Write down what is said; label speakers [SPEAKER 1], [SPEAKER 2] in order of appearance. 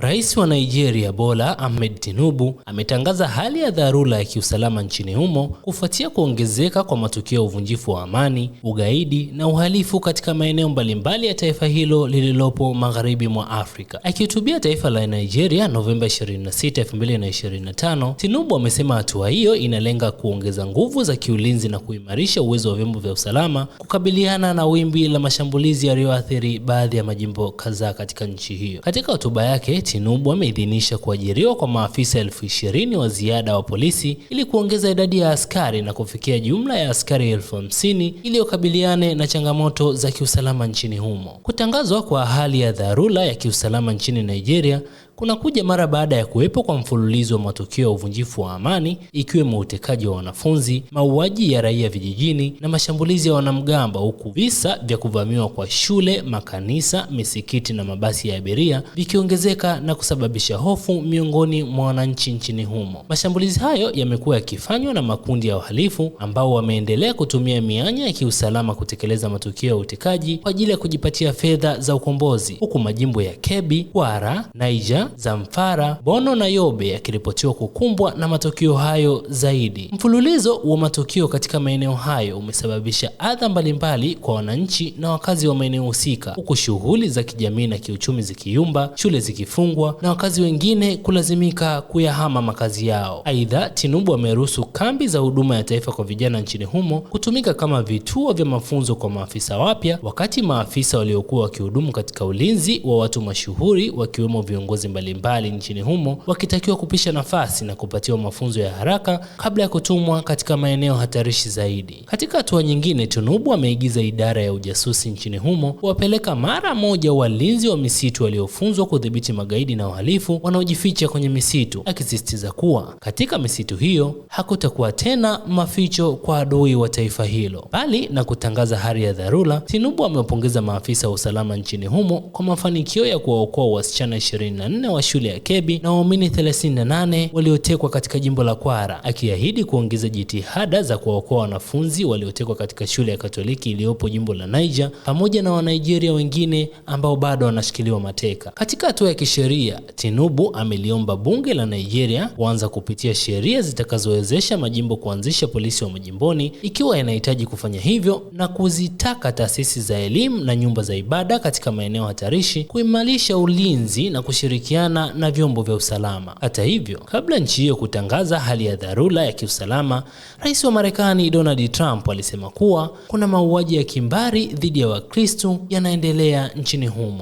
[SPEAKER 1] Rais wa Nigeria Bola Ahmed Tinubu ametangaza hali ya dharura ya kiusalama nchini humo kufuatia kuongezeka kwa matukio ya uvunjifu wa amani, ugaidi na uhalifu katika maeneo mbalimbali ya taifa hilo lililopo magharibi mwa Afrika. Akihutubia taifa la Nigeria Novemba 26, 2025, Tinubu amesema hatua hiyo inalenga kuongeza nguvu za kiulinzi na kuimarisha uwezo wa vyombo vya usalama kukabiliana na wimbi la mashambulizi yaliyoathiri baadhi ya majimbo kadhaa katika nchi hiyo. Katika hotuba yake Tinubu ameidhinisha kuajiriwa kwa maafisa elfu ishirini wa ziada wa polisi ili kuongeza idadi ya askari na kufikia jumla ya askari elfu hamsini ili wakabiliane na changamoto za kiusalama nchini humo. Kutangazwa kwa hali ya dharura ya kiusalama nchini Nigeria kunakuja mara baada ya kuwepo kwa mfululizo wa matukio ya uvunjifu wa amani ikiwemo utekaji wa wanafunzi, mauaji ya raia vijijini na mashambulizi ya wanamgambo, huku visa vya kuvamiwa kwa shule, makanisa, misikiti na mabasi ya abiria vikiongezeka na kusababisha hofu miongoni mwa wananchi nchini humo. Mashambulizi hayo yamekuwa yakifanywa na makundi ya wahalifu ambao wameendelea kutumia mianya ya kiusalama kutekeleza matukio ya utekaji kwa ajili ya kujipatia fedha za ukombozi, huku majimbo ya kebi Kwara, naija za Zamfara, Bono na Yobe yakiripotiwa kukumbwa na matukio hayo zaidi. Mfululizo wa matukio katika maeneo hayo umesababisha adha mbalimbali kwa wananchi na wakazi wa maeneo husika, huku shughuli za kijamii na kiuchumi zikiyumba, shule zikifungwa na wakazi wengine kulazimika kuyahama makazi yao. Aidha, Tinubu ameruhusu kambi za huduma ya taifa kwa vijana nchini humo kutumika kama vituo vya mafunzo kwa maafisa wapya, wakati maafisa waliokuwa wakihudumu katika ulinzi wa watu mashuhuri wakiwemo viongozi mbali mbalimbali nchini humo wakitakiwa kupisha nafasi na kupatiwa mafunzo ya haraka kabla ya kutumwa katika maeneo hatarishi zaidi. Katika hatua nyingine, Tunubu ameigiza idara ya ujasusi nchini humo kuwapeleka mara moja walinzi wa misitu waliofunzwa kudhibiti magaidi na wahalifu wanaojificha kwenye misitu, akisisitiza kuwa katika misitu hiyo hakutakuwa tena maficho kwa adui wa taifa hilo. Bali na kutangaza hali ya dharura, Tinubu amewapongeza maafisa wa usalama nchini humo kwa mafanikio ya kuwaokoa wasichana 24 vijana wa shule ya Kebi na waumini 38 waliotekwa katika jimbo la Kwara, akiahidi kuongeza jitihada za kuwaokoa wanafunzi waliotekwa katika shule ya Katoliki iliyopo jimbo la Niger pamoja na Wanigeria wengine ambao bado wanashikiliwa mateka. Katika hatua ya kisheria, Tinubu ameliomba bunge la Nigeria kuanza kupitia sheria zitakazowezesha majimbo kuanzisha polisi wa majimboni ikiwa yanahitaji kufanya hivyo, na kuzitaka taasisi za elimu na nyumba za ibada katika maeneo hatarishi kuimarisha ulinzi na kushirikiana kushirikiana na vyombo vya usalama. Hata hivyo, kabla nchi hiyo kutangaza hali ya dharura ya kiusalama, rais wa Marekani Donald Trump alisema kuwa kuna mauaji ya kimbari dhidi ya Wakristo yanaendelea nchini humo.